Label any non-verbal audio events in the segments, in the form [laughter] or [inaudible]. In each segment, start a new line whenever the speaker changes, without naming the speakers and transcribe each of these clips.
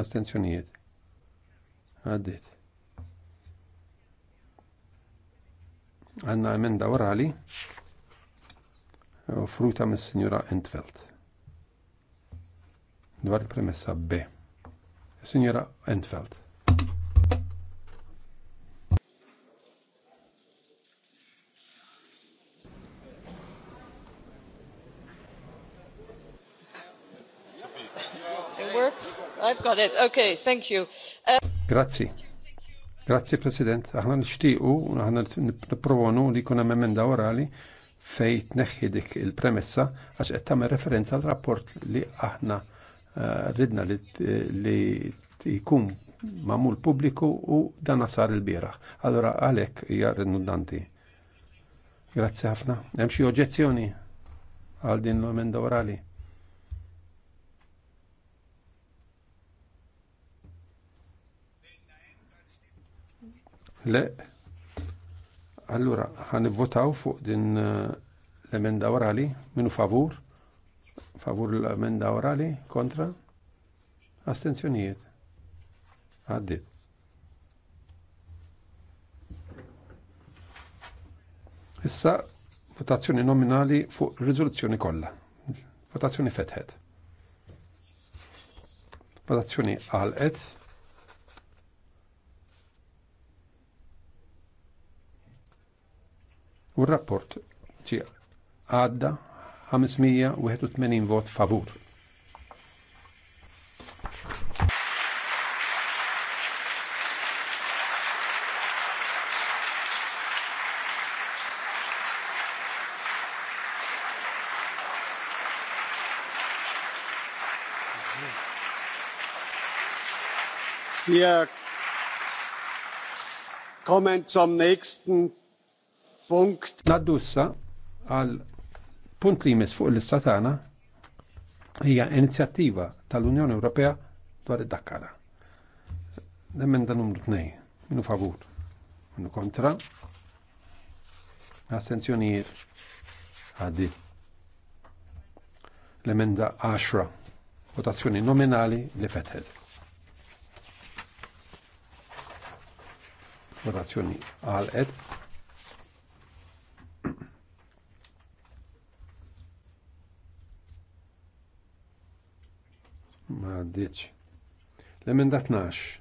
astenzjonijiet għaddit. Għanna emenda orali u fruta mis signora Entfeld. Dwar il-premessa B. Signora Entfeld.
Okay, thank you.
Uh, Grazzi. Grazzi President. Aħna nixtiequ, aħna nipprovonu li jkun hemm emenda orali fej tneħħi dik il-premessa għax qed tagħmel referenza għal rapport li aħna uh, ridna li jkun mamul pubbliku u dan sar il-bieraħ. Allora għalhekk hija redundanti. Grazzi ħafna. Hemm xi oġġezzjoni għal din l-emenda orali? Le, allura ħan votaw fuq din eh, l-emenda orali, minu favur, favur l-emenda orali, kontra, astenzjonijiet. Għaddit. Issa votazzjoni nominali fuq riżoluzzjoni kollha. Votazzjoni fetħet. Votazzjoni għal-et. U rapport ġie għadda 581 vot favur. Wir kommen zum nächsten punkt. Naddussa għal punt li jmiss fuq l-istatana hija inizjattiva tal-Unjoni Ewropea dwar id-dakkara. Nemmen dan numru tnej, minu favur, minu kontra, astenzjonijiet għaddi. L-emenda 10, votazzjoni nominali li fetħed. Votazzjoni għal-ed, maddiċ. L-emenda 12.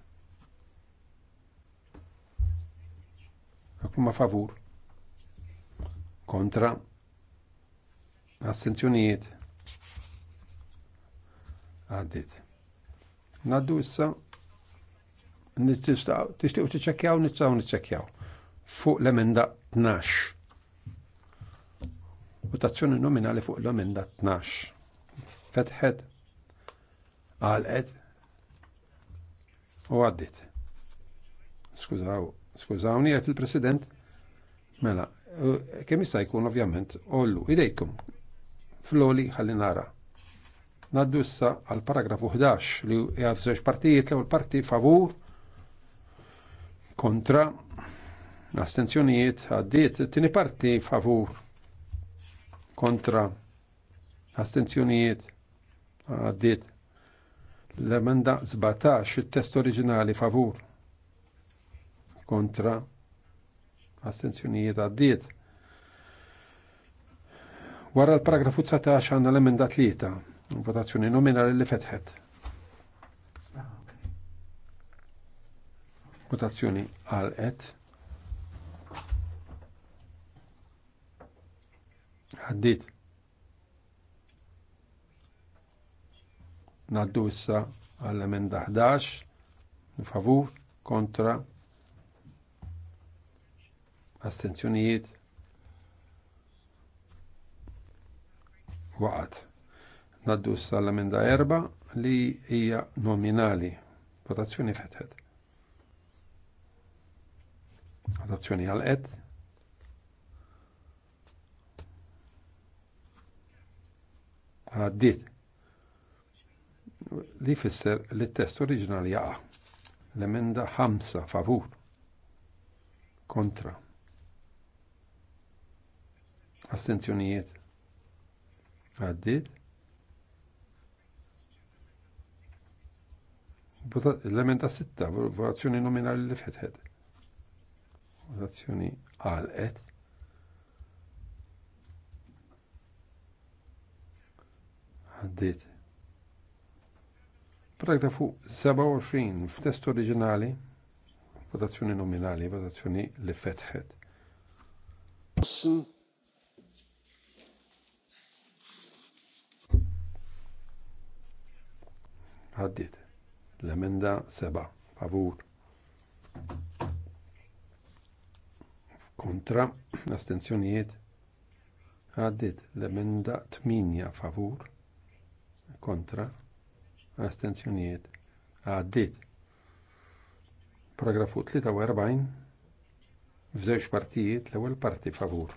Għakum favur. Kontra. Assenzjonijiet. Għaddit. Naddu issa tixtiqu tiċċekkjaw, nitsaw niċċekkjaw. Fuq l-emenda 12. Votazzjoni nominali fuq l-emenda 12. Fetħed għalqet u għaddit. Skużaw, skużawni għet il-president. Mela, kemm jista' jkun ovvjament ollu idejkom fl-oli ħalli nara. Naddu issa għal paragrafu 11 li għad żewġ partijiet l-ewwel parti favur kontra astenzjonijiet għaddiet, it-tieni parti favur kontra astenzjonijiet għaddiet L-emenda 17, il-test oriġinali favur. Kontra. Astenzjonijiet għaddiet. Wara l-paragrafu 19 għanna l-emenda 3. Votazzjoni nominali li fetħet. Votazzjoni għal-et. Għaddiet. Naddu issa għall-emenda 11 favur kontra astenzjonijiet waqat. Naddu issa l-emenda 4 li hija nominali. Votazzjoni fetħet. Votazzjoni għal-qed. Għaddit li jfisser li t-test oriġinali jaqa. L-emenda 5 favur kontra. Astenzjonijiet. Għaddit. L-emenda 6 votazzjoni nominali li fetħed. Votazzjoni għalqet. Għaddit. Paragrafu 27 f'test oriġinali, votazzjoni nominali, votazzjoni li fetħet. Għaddit. L-emenda seba. Favur. Kontra. Astenzjonijiet. Għaddit. L-emenda 8. Favur. Kontra astenzjonijiet għaddit. Paragrafu 43 f'żewġ partijiet l-ewwel parti favur.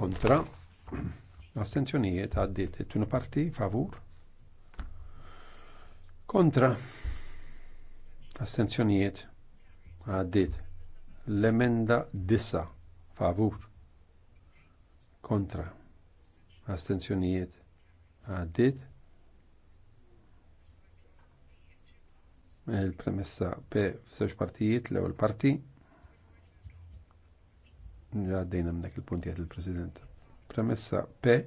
Kontra astenzjonijiet għaddit it-tunu parti favur. Kontra astenzjonijiet għaddit l-emenda dissa favur. Kontra astenzjonijiet għaddit il-premessa P f'żewġ partijiet l-ewwel parti. Għaddejna mnek il puntijiet il-President. Premessa P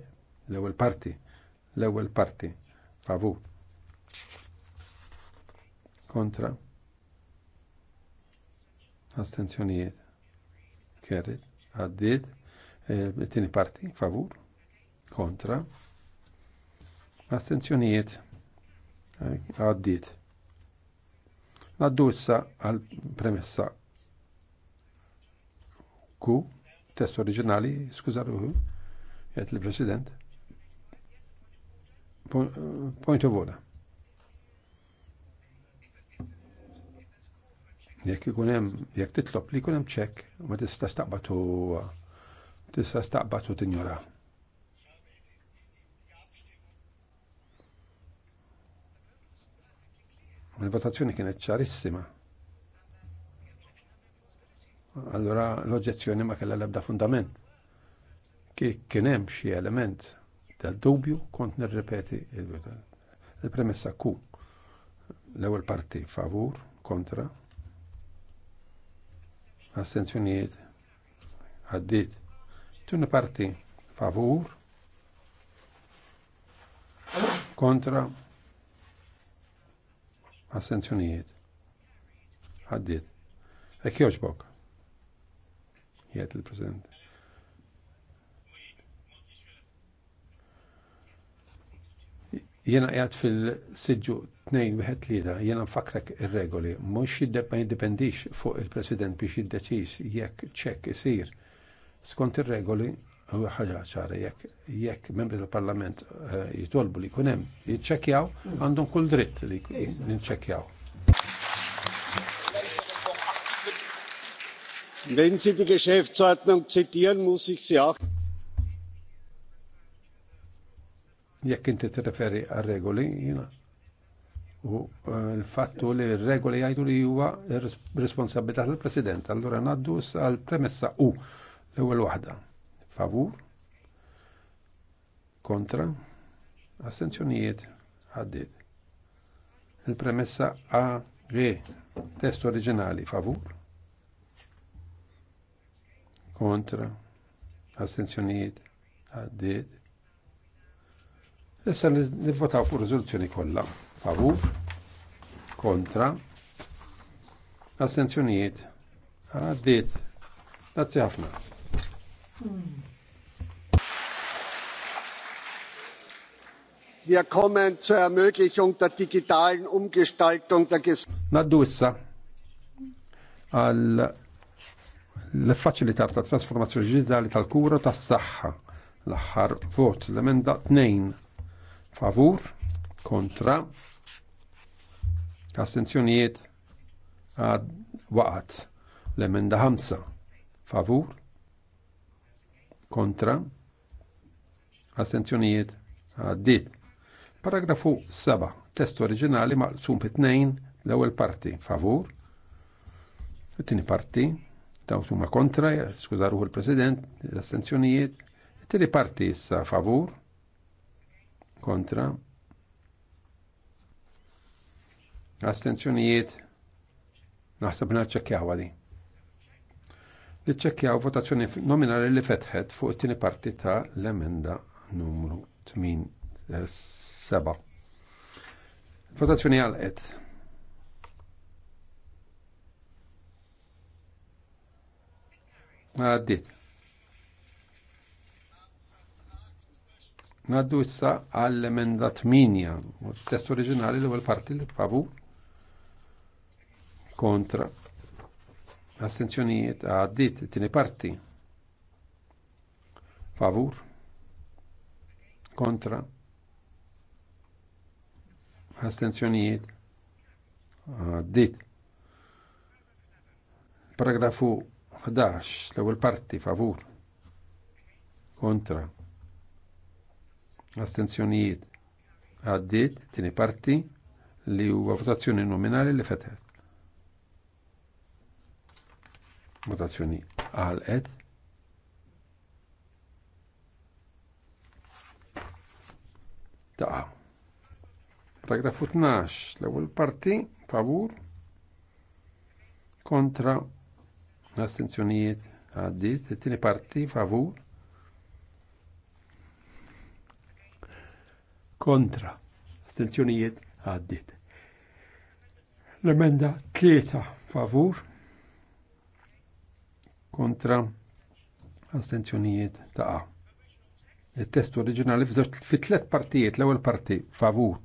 l-ewwel parti. L-ewwel parti. Favu. Kontra. Astenzjonijiet. Kerrit. għaddit. Eh, Tini parti. Favur. Kontra. Astenzjonijiet. Eh, Għaddiet Naddu issa għal premessa Q, test oriġinali, skużar uħu, jgħet l-President. Point of order. Jekk ikun hemm jekk titlob li jkun ċek, ma tista staqbatu, tista' staqbatu t tinjora. Il-votazzjoni kienet ċarissima. Allora l-oġġezzjoni ma kellha l-ebda fundament. Kif kien hemm xi element tal-dubju kont nirrepeti il-premessa ku. L-ewwel parti favur, kontra, astenzjonijiet, għaddit. Tuni parti favur, kontra, Assenzjonijiet. Għaddit. E kjoċbok. Jiet il-President. Jena jgħat fil-sidġu 2 da, jena mfakrek il-regoli, mux jiddependix fuq il-President biex jiddeċis jekk ċek isir. Skont il-regoli, ħaġa ċara jekk jekk membri tal-Parlament eh, jitolbu li jkun hemm jiċċekkjaw mm. għandhom kull dritt li nċekkjaw. Wenn Sie die Geschäftsordnung zitieren, muss ich Sie auch. Jekk inti t-referi għal regoli, jina. U eh, l-fattu li regoli jgħidu li huwa responsabilità tal-President, allora ngħaddu għal premessa u l-ewwel waħda favur kontra astenzjonijiet għaddiet. Il-premessa A. V. test oriġinali favur kontra astenzjonijiet għaddiet. Issa nivvotaw fuq riżoluzzjoni kollha favur kontra astenzjonijiet għaddiet. Grazie ħafna.
Mm.
Wir kommen zur Ermöglichung der digitalen Umgestaltung der
Naddu issa għal l-faċilitar ta' trasformazzjoni digitali tal-kura ta' s-saxħa l ħar vot l-emenda 2 favur kontra astenzjonijiet għad waqat l-emenda 5 favur kontra astenzjonijiet għaddit Paragrafu 7. Test oriġinali maqsum fit tnejn l-ewwel parti favur. it tini parti dawn huma kontra, skużar ruħu l-President, l-astenzjonijiet. it tini parti issa favur kontra. Astenzjonijiet naħseb naċċekkjaw għadi. Li ċċekkjaw votazzjoni nominali li fetħet fuq it-tieni parti ta' l-emenda numru 8. Eh, seba. Votazzjoni għal-qed. għalqet. Għaddit. Naddu issa għall emendat minja, test oriġinali l għal parti li t-favu kontra astenzjonijiet għaddit tini parti favur kontra astenzjonijiet għaddit. Paragrafu 11, l-ewwel parti favur kontra astenzjonijiet għaddit, tieni parti li huwa votazzjoni nominali li fetħet. Votazzjoni għalqet. Ta' Paragrafu 12, l-ewwel parti favur kontra astenzjonijiet għaddit, it-tieni parti favur kontra astenzjonijiet għaddit. L-emenda 3 favur kontra astenzjonijiet ta' Il-test oriġinali fi tlet partijiet, l-ewwel parti favur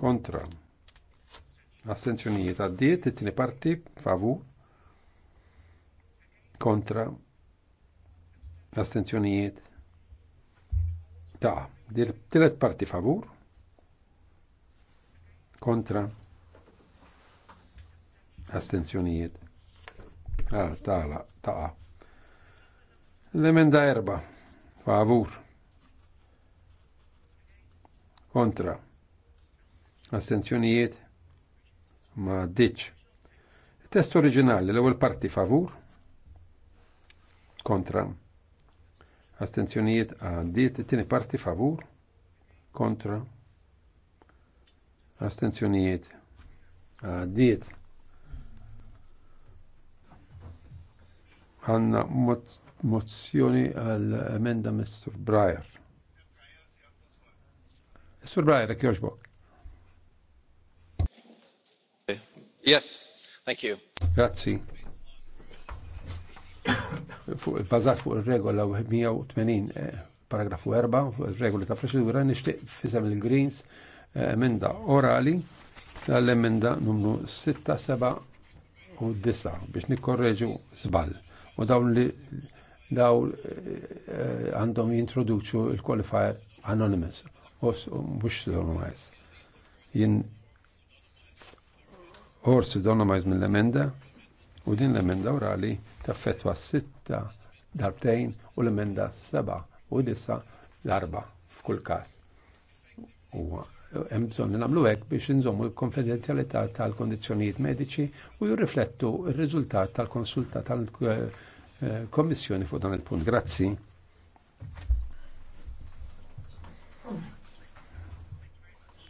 kontra astenzjonijiet għaddiet, it tini parti favur kontra astenzjonijiet ta' tielet parti favur kontra astenzjonijiet ah, ta la. ta' l-emenda erba favur kontra Astenzjonijiet ma ditx. Test oriġinali l-ewwel parti favur kontra. Astenzjonijiet għaddiet it-tieni parti favur kontra. Astenzjonijiet għaddiet. Għanna mozzjoni għal emenda Mr. Breyer. Mr. Breyer, kjoġbok. Yes, Grazzi. Bazat fuq il-regola 180 eh, paragrafu 4 fuq il regola ta' procedura, nishtiq fisem il-Greens eh, emenda orali għall-emenda numru 6, 7 u 9 biex nikkorreġu zbal. U dawn li daw eh, għandhom jintroduċu il-qualifier anonymous, u mux anonymous. Jien orsi donomajz minn l-emenda u din l-emenda orali taffetwa sitta darbtejn u l-emenda seba u disa l-arba f'kull każ. U hemm bżonn li nagħmlu hekk biex inżommu l-konfidenzjalità tal-kondizzjonijiet mediċi u jirriflettu r-riżultat tal-konsulta tal-Kommissjoni fuq dan il-punt. Grazzi.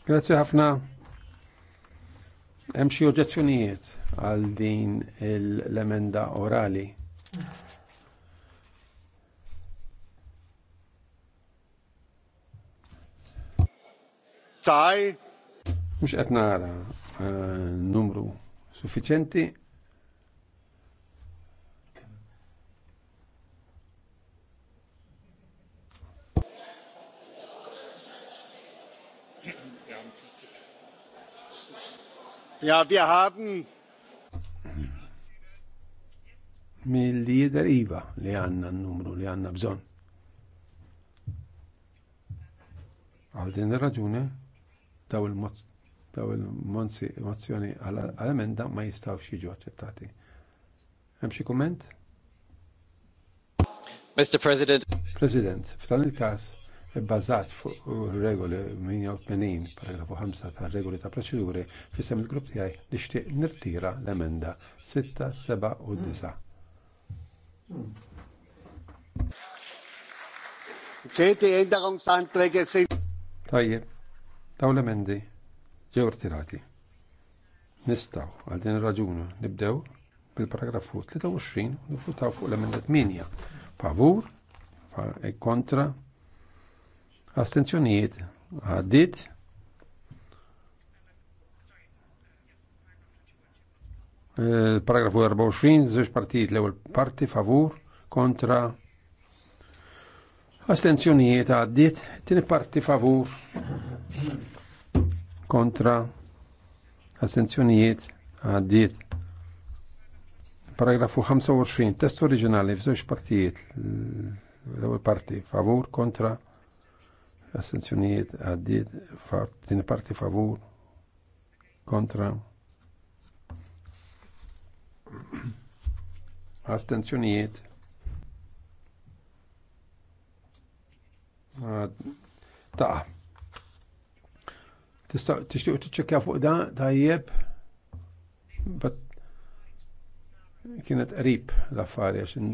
Grazzi ħafna. Hemm xi oġġezzjonijiet għal din l-emenda orali. Taj. Mhux qed nara eh, numru suffiċenti Ja, wir haben mill-lider Iva li għanna n-numru li għanna bżon. Għaldin raġuni daw il-mozzjoni għal-emenda ma jistaw xieġu accettati. Hemm xi kumment? Mr. President. President, f'dan il kas bbażat fuq regoli 88 paragrafu 5 tal regoli ta' proċeduri fisem il-grupp tiegħi nixtieq nirtira l-emenda 6, 7 u
9. Kieti jendarum santrege sin.
Tajje, daw l-emendi ġew rtirati. Nistaw, għal din raġuna nibdew bil-paragrafu 23 nifutaw fuq l-emenda 8. Favur, e kontra, Astenzjonijiet għaddit. Eh, paragrafu 24, żewġ partijiet l-ewwel parti favur kontra astenzjonijiet għaddit, tieni parti favur kontra astenzjonijiet għaddit. Paragrafu 25, test oriġinali f'żewġ partijiet l-ewwel parti favur kontra assenzjonijiet għaddit din parti favur kontra assenzjonijiet ta' tista' tixtiequ tiċċekkja fuq da tajjeb bat kienet qrib l affarja xin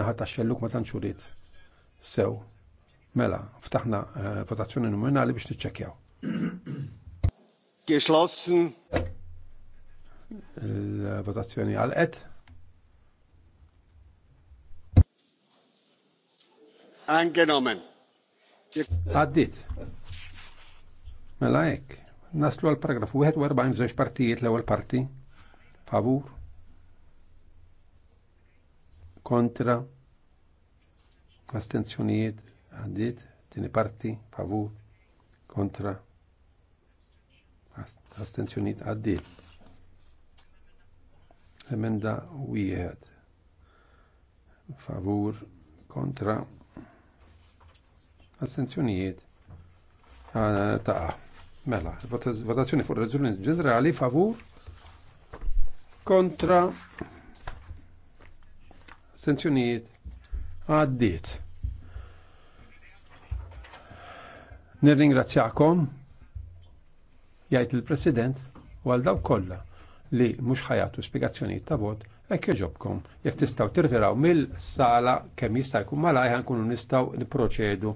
naħat tax ma tantx sew so. Mela, ftaħna eh, votazzjoni nominali biex niċċekjaw.
Geschlossen.
Il-votazzjoni għal-qed. Angenommen. Għaddit. Mela hekk. Naslu għal paragrafu 41 f'żewġ partijiet l-ewwel parti. Favur. Kontra. Astenzjonijiet għandiet, tini parti, pavu, kontra, astenzjoniet għaddit. Emenda wieħed. Favur, kontra, astenzjoniet Ta. Mela, votazzjoni fuq rezoluzzjoni ġenerali, favur, kontra, astenzjoniet għaddiet. Nirringrazzjakom, jgħid il-President, u għal daw kollha li mhux ħajatu spjegazzjonijiet ta' vot hekk jogħġobkom. Jekk tistgħu tirtiraw mill-sala kemm jista' jkun malaj ħankunu nistgħu niproċedu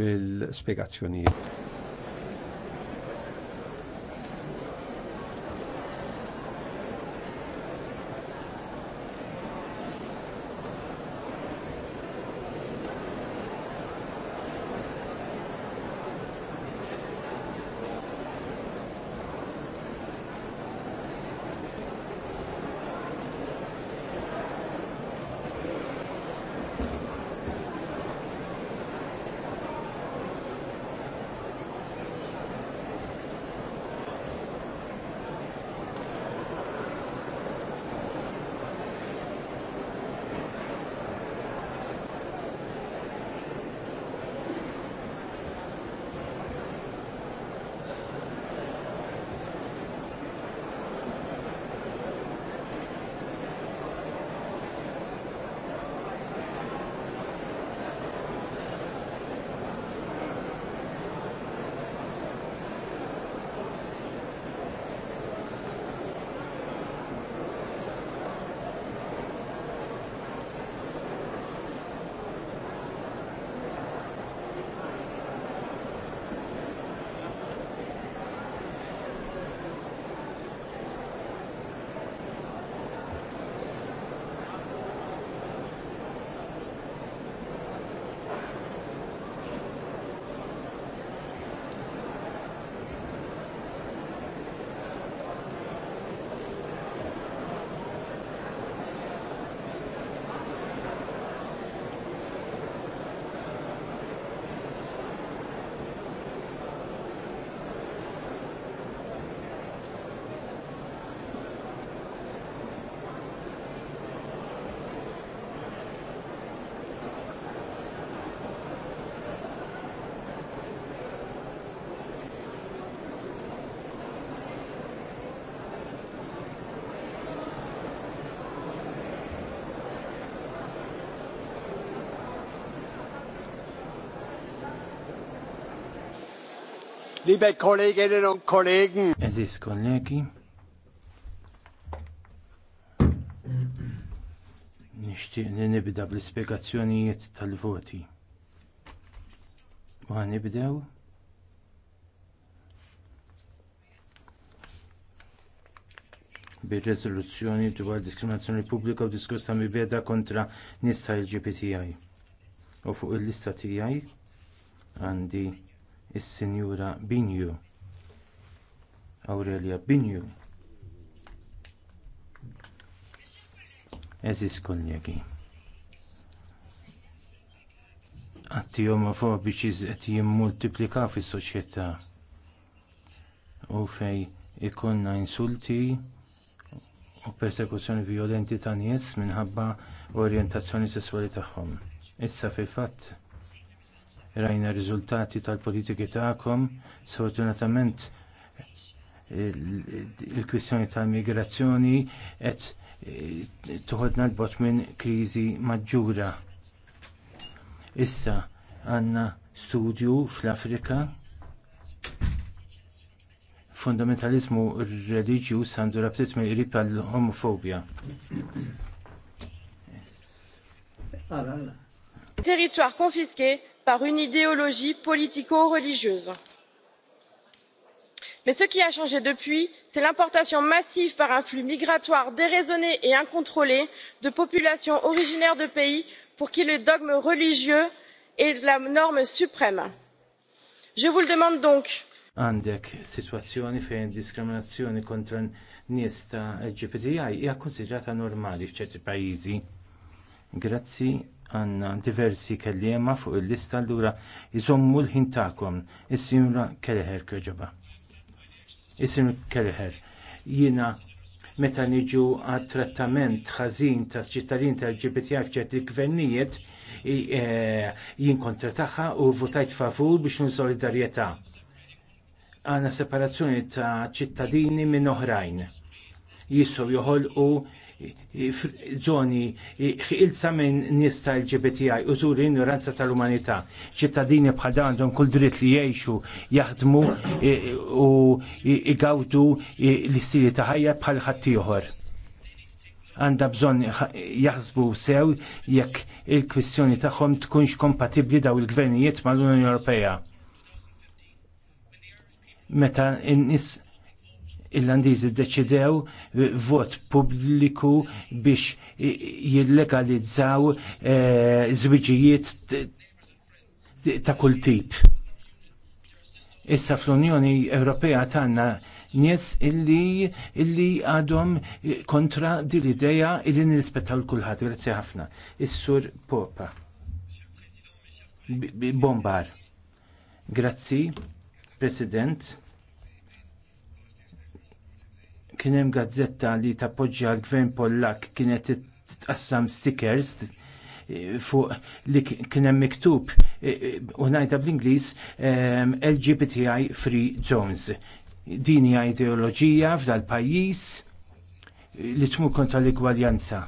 bil-spjegazzjonijiet.
Liebe Kolleginnen und
Kollegen. Es ist Kollegi. Nixtieq li nibda bl-ispjegazzjonijiet tal-voti. Ma nibdew bir-reżoluzzjoni dwar diskriminazzjoni pubblika u diskuss ta' mibeda kontra nies tal-LGBTI. U fuq il-lista tijaj għandi is-Sinjura Binju. Awrelja Binju. Eżis kollegi. Atti omofobiċi qed jimmultiplikaw fis-soċjetà u fejn ikollna insulti u persekuzzjoni vjolenti ta' nies minħabba orjentazzjoni sesswali tagħhom. Issa fil-fatt rajna r-riżultati tal-politiki tagħkom, sfortunatament il-kwistjoni tal-migrazzjoni qed eh, toħodna l-bot minn kriżi maġġura. Issa għandna studju fl-Afrika fundamentaliżmu reliġjuż għandu rabtiet mill-qrib għall-homofobja.
Territoire confisqué par une idéologie politico religieuse. mais ce qui a changé depuis c'est l'importation massive par un flux migratoire déraisonné et incontrôlé de populations originaires de pays pour qui le dogme religieux est la norme suprême. je vous le demande donc
għandek sitwazzjoni fejn diskriminazzjoni kontra nies ta' LGBTI hija kkunsidrata normali f'ċerti pajjiżi. Grazzi għandna diversi kelliema fuq il-lista allura iżommu l-ħin tagħkom is Kelleher kjoġoba. is Kelleher, jiena meta niġu għat trattament ħażin ta' ċittadin tal-LGBTI f'ċerti gvernijiet e, jien kontra tagħha u votajt favur biex solidarjetà. għandna separazzjoni ta' ċittadini minn oħrajn joħol joħolqu zoni ilsa minn nis ta' LGBTI u zuri ignoranza tal-umanità. ċittadini bħal dan għandhom kull dritt li jgħixu, jaħdmu e, u igawdu e, l-istili ta' ħajja bħal ħaddieħor. Għandha bżonn jaħsbu sew jekk il-kwistjoni tagħhom tkunx kompatibbli daw il-gvernijiet mal-Unjoni Ewropea. Meta n-nies il-landizi ddeċidew eh, vot pubbliku biex jillegalizzaw eh, żwiġijiet ta' kull tip. Issa fl-Unjoni Ewropea tagħna nies illi illi għadhom kontra din l-idea illi nirrispettaw l-kulħadd. Grazzi ħafna. Is-sur Popa. Bombar. Grazzi, President kien hemm gazzetta li tappoġġja l-gvern Pollak kienet tqassam stickers fuq li kien hemm miktub e, e, u ngħidha bl-Ingliż LGBTI free zones. Din hija ideoloġija f'dal pajjiż li tmur kontra l-igwaljanza.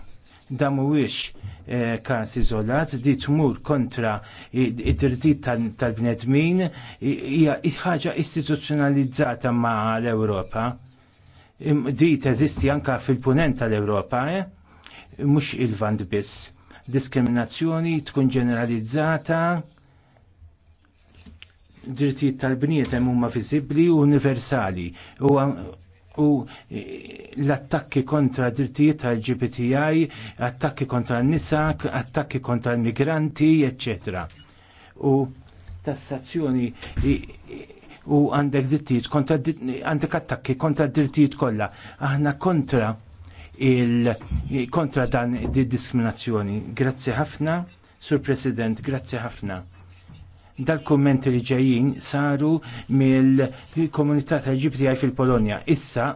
Da mhuwiex e, każ iżolat, di tmur kontra id-drittijiet tal-bnedmin hija ħaġa istituzzjonalizzata ma' l-Ewropa di teżisti anka fil-punent tal-Ewropa, eh? mhux il-vant biss. Diskriminazzjoni tkun ġeneralizzata, drittijiet tal-bniedem huma viżibbli u universali u eh, l-attakki kontra drittijiet tal-GPTI, attakki kontra n-nisa, attakki kontra l-migranti, eccetera. U tassazzjoni u għandek drittijiet kontra għandek attakki kontra drittijiet kollha. Aħna kontra il kontra dan id-diskriminazzjoni. Grazzi ħafna, Sur President, grazzi ħafna dal komment li ġejjin saru mill-komunità tal-ġibti fil-Polonja. Issa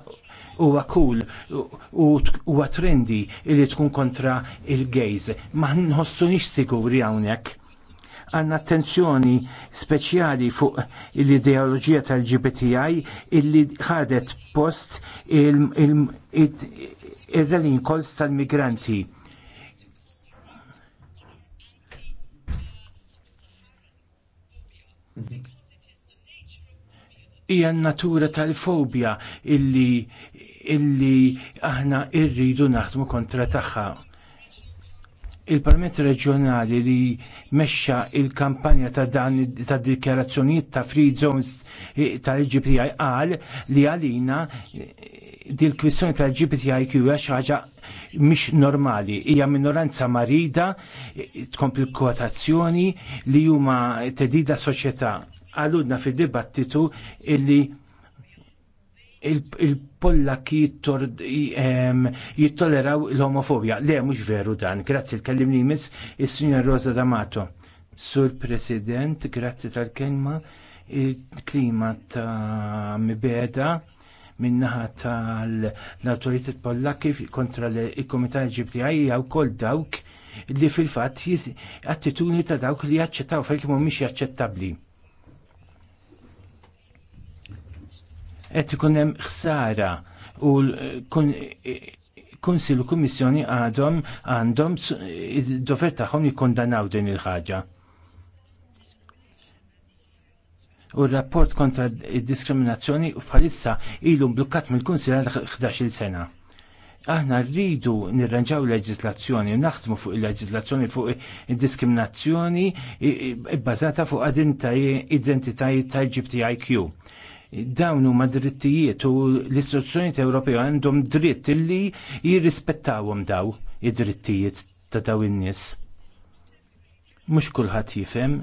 huwa għakul u huwa trendi li tkun kontra il-gejz. Ma nħossu nix siguri hawnhekk għanna attenzjoni speċjali fuq l-ideoloġija tal-GBTI illi ħadet post il-relin kols tal-migranti. hija n-natura tal-fobja illi illi aħna rridu naħdmu kontra tagħha il-Parlament Reġjonali li mexxa il-kampanja ta' dan ta' dikjarazzjonijiet ta' free zones tal-GPI qal li għalina dil kwistjoni tal-GPTIQ hija xi ħaġa mhix normali, hija minoranza marida tkompli kotazzjoni li huma tedida soċjetà. Għalludna fid-dibattitu illi il-, il Pollak jittoleraw ehm, l homofobja Le, mhux veru dan. Grazzi, l kallimni miss il-Sinjor Rosa D'Amato. Sur President, grazzi tal-kelma, il-klima ta' mibeda minnaħa tal-autoritet Pollakki kontra l komitat LGBTI hija wkoll dawk li fil-fatt attitudni ta' dawk li jaċċettaw fejn mhumiex jaċċettabbli qed ikun hemm ħsara u l-Kunsil u Kummissjoni għadhom għandhom id-dover tagħhom jikkondanaw din il-ħaġa. U r-rapport kontra id-diskriminazzjoni bħalissa ilu mblukkat mill-Kunsil għal 11-il sena aħna rridu nirranġaw leġislazzjoni, naħdmu fuq il-leġislazzjoni fuq il-diskriminazzjoni bbażata fuq identitajiet tal-GPTIQ dawn huma drittijiet u l-istituzzjonijiet Ewropej għandhom dritt illi jirrispettawhom daw id-drittijiet ta' daw in-nies. Mhux kulħadd jifhem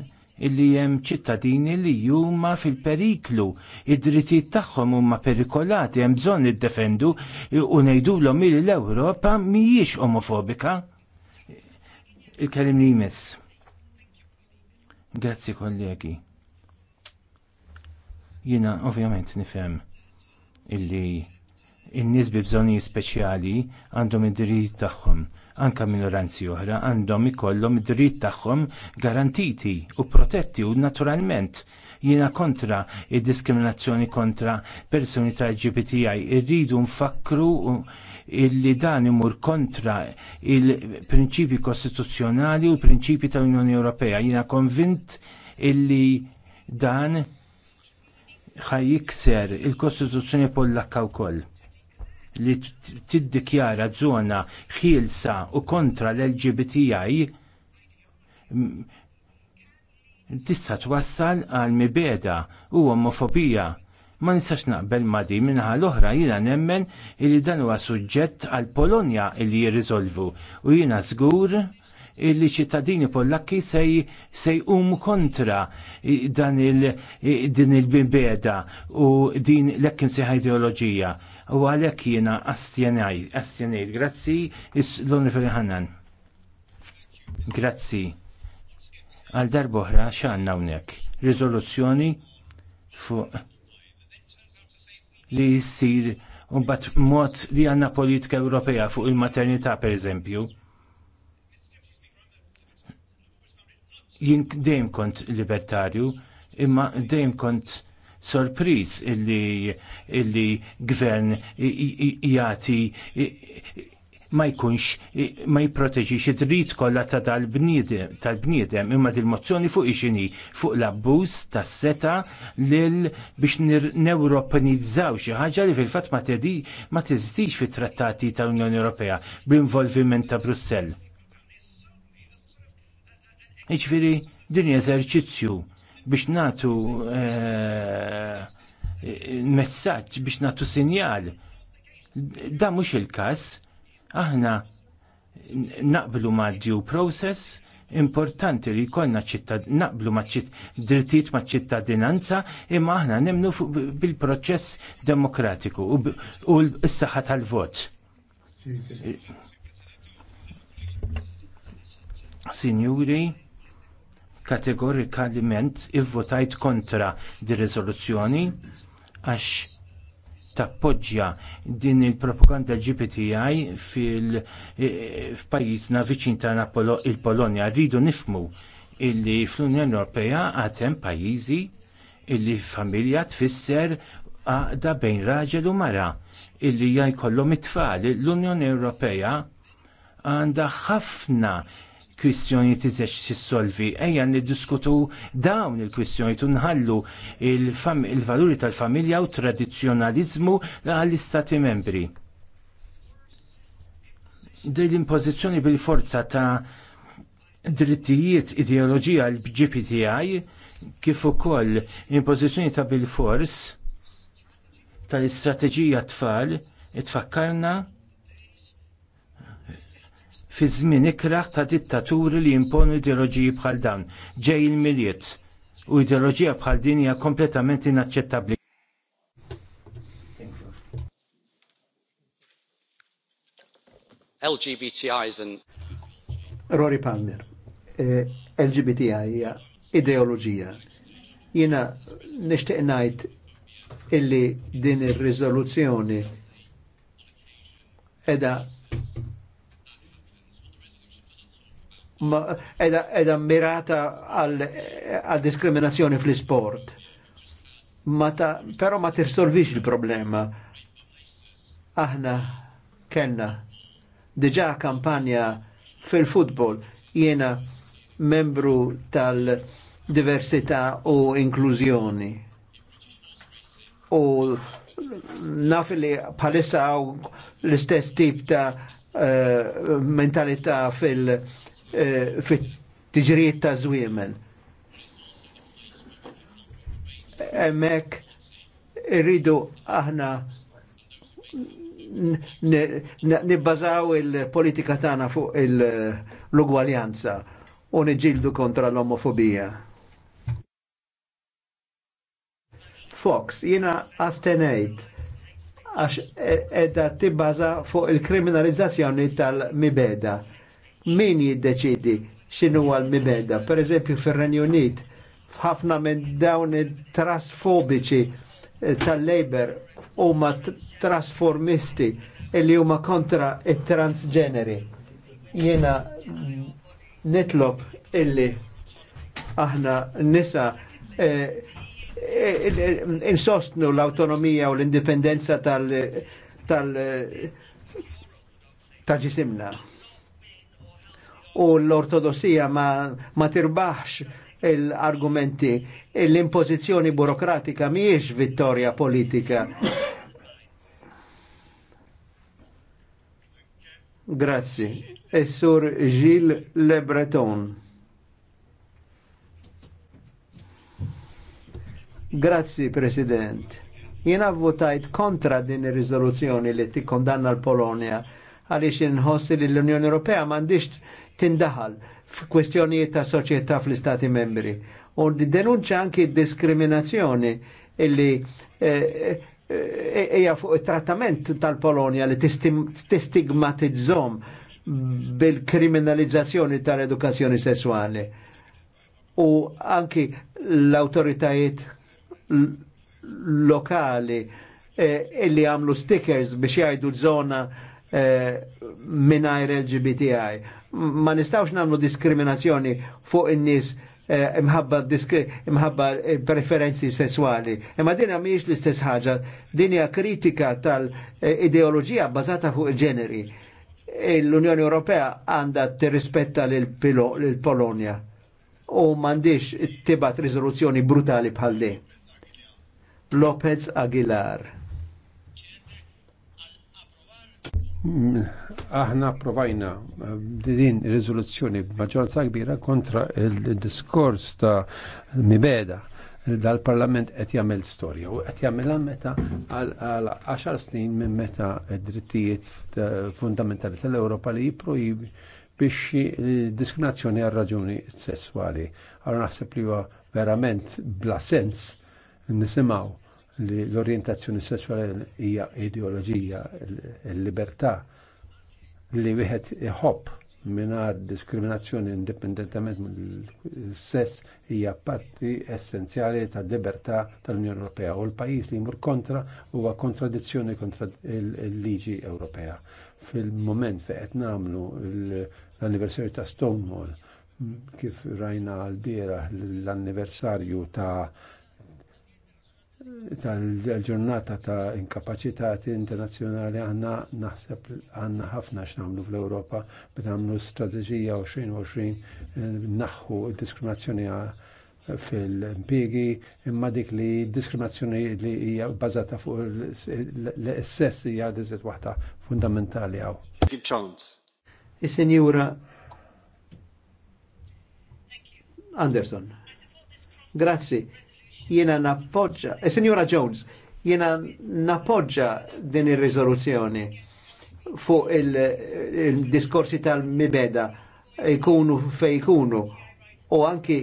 illi hemm ċittadini li huma fil-periklu. Id-drittijiet tagħhom huma perikolati hemm bżonn iddefendu u ngħidulhom li l-Ewropa mhijiex omofobika. Il-kelim li jmiss. Grazzi kollegi. Jiena ovvjament nifhem illi in-nies bi bżonnijiet speċjali għandhom id-dritt tagħhom, anke minoranzi oħra għandhom ikollhom id-dritt tagħhom garantiti u protetti u naturalment jiena kontra id-diskriminazzjoni kontra persuni ta' LGBTI. Irridu nfakru illi dan imur kontra il-prinċipi kostituzzjonali u l-prinċipi tal-Unjoni Ewropea. Jiena konvint illi dan jikser il-Kostituzzjoni Pollakka wkoll li tiddikjara żona ħielsa u kontra l-LGBTI tista' twassal għal mibeda u omofobija. Ma nistax naqbel ma di minħa l-oħra jiena nemmen li dan huwa suġġett għal Polonja li jirriżolvu u jiena żgur li ċittadini pollakki sej sej um kontra dan il din il-bimbeda u din lekkim ekkim seħa ideoloġija. U għalhekk jiena astjenajt, grazzi l fil Ħannan. Grazzi. Għal darboħra x'għandna hawnhekk. Riżoluzzjoni fuq li jsir un bat mod li għandna politika Ewropea fuq il-maternità pereżempju jien dejjem kont libertarju, imma dejjem kont sorpriż illi illi gvern jagħti ma jkunx ma jipproteġix id-dritt kollha ta' tal-bniedem imma dil-mozzjoni fuq ixini fuq l-abbuż tas-seta lil biex nir-neuropenizzaw xi ħaġa li fil-fatt ma tedi ma tiżdix fit-trattati tal-Unjoni Ewropea bl-involviment ta' Brussell Iċviri, din eżerċizzju biex natu eh, messaġġ biex natu sinjal. Da mhux il-każ, aħna naqblu ma' due process, importanti li jkollna naqblu ma' drittijiet ma' ċittadinanza imma aħna nemnu bil-proċess demokratiku u s-saħħa tal-vot. Signori, kategorikament ivvotajt kontra di riżoluzzjoni għax tappoġġja din il-propaganda LGBTI fil-pajjiżna viċin tagħna il-Polonja. Rridu nifmu illi fl-Unjoni Ewropea għad hemm pajjiżi illi familja tfisser għaqda bejn raġel u mara illi jgħajkollhom it-tfal. L-Unjoni Ewropea għandha ħafna kwistjoni tiżeċ tissolvi. Ejja niddiskutu dawn il-kwistjoni tunħallu il-valuri tal-familja u tradizjonalizmu għall-istati membri. Din l-impożizzjoni bil-forza ta' drittijiet ideoloġija l-GPTI kif ukoll impożizzjoni ta' bil-fors tal-istrateġija tfal it-fakkarna fi żmien ikraħ ta' dittaturi li jimponu ideoloġiji bħal dan ġej il-miliet u ideoloġija bħal din hija kompletament inaċċettabbli.
LGBTIs
and
Rory Palmer. Eh, LGBTI hija ideoloġija. Jiena nixtieq ngħid illi din ir-riżoluzzjoni edha edha, edha mirata għal diskriminazzjoni fl-sport. Ma ta, pero ma tirsolvix il-problema. Aħna kellna diġa kampanja fil-futbol jiena membru tal-diversità u inklużjoni. U naf li bħalissa l-istess tip ta' uh, mentalità fil- Eh, fit-tiġrijiet ta' zwiemen. Hemmhekk irridu aħna nibbażaw il-politika tagħna fuq l-ugwaljanza u niġildu kontra l-omofobija. Fox, jina astenejt għax e-, edha tibbaza fuq il-kriminalizzazzjoni tal-mibeda min jiddeċidi xinu l-mibeda. Per eżempju fir-Renju Unit f'ħafna minn dawn il-trasfobiċi eh, tal-Labor huma trasformisti illi huma kontra il transgeneri Jiena nitlob illi aħna nisa eh, eh, insostnu l-autonomija u l-indipendenza tal-ġisimna. Tal, tal, tal u l-ortodossija ma, ma tirbaħx l-argumenti. L-impożizzjoni burokratika miex vittoria politika. Grazzi. Essur Gilles Le Breton. Grazzi, President. Jena votajt kontra din ir-riżoluzzjoni li kondanna l polonia għaliex inħossi li l-Unjoni Ewropea mandiċt tindaħal f'kwestjonijiet ta' soċjetà fl-Istati membri. U denunċa anki diskriminazzjoni illi eh, eh, eh, hija fuq trattament tal-Polonja li tistigmatizzhom bil-kriminalizzazzjoni tal-edukazzjoni sessuali. U anki l-autoritajiet lokali illi għamlu stickers biex jgħidu zona minajr LGBTI ma nistawx namlu diskriminazzjoni fuq in-nies eh, imħabba imħabba preferenzi sessuali. Imma din mhijiex l-istess ħaġa, din hija kritika tal-ideoloġija bbażata fuq il-ġeneri. L-Unjoni Ewropea għandha tirrispetta lil Polonja u m'għandix tibat riżoluzzjoni brutali bħal Lopez Aguilar. aħna provajna
eh, din riżoluzzjoni maġġoranza kbira kontra il-diskors ta' mibeda dal-parlament qed jagħmel storja u qed jagħmilha meta għal 10 snin minn meta d-drittijiet fundamentali tal-Ewropa li jipprojbi biex diskriminazzjoni għal raġuni sessuali. Allora naħseb li huwa verament bla sens nisimgħu li l-orientazzjoni sessuali hija ideoloġija, l-libertà li wieħed iħobb mingħajr diskriminazzjoni indipendentament mill-sess hija parti essenzjali tal libertà tal-Unjoni Ewropea u l-pajjiż li jmur kontra huwa kontradizzjoni kontra l-liġi Ewropea. Fil-moment fejn qed nagħmlu l-anniversarju ta' Stonewall kif rajna għal l-anniversarju ta' tal-ġurnata ta' inkapaċitati internazzjonali għanna naħseb għanna ħafna x'namlu fl-Ewropa meta nagħmlu strateġija 2020 eh, naħħu diskriminazzjoni fil-impigi imma dik li diskriminazzjoni li hija bbażata fuq l-essess hija diżet waħda fundamentali għaw.
Is-Sinjura Anderson. Grazzi Jiena nappoġġa, e Signora Jones, jiena nappoġġa din ir-riżoluzzjoni fuq il-diskorsi il tal-mibeda jkunu fej ikunu u anki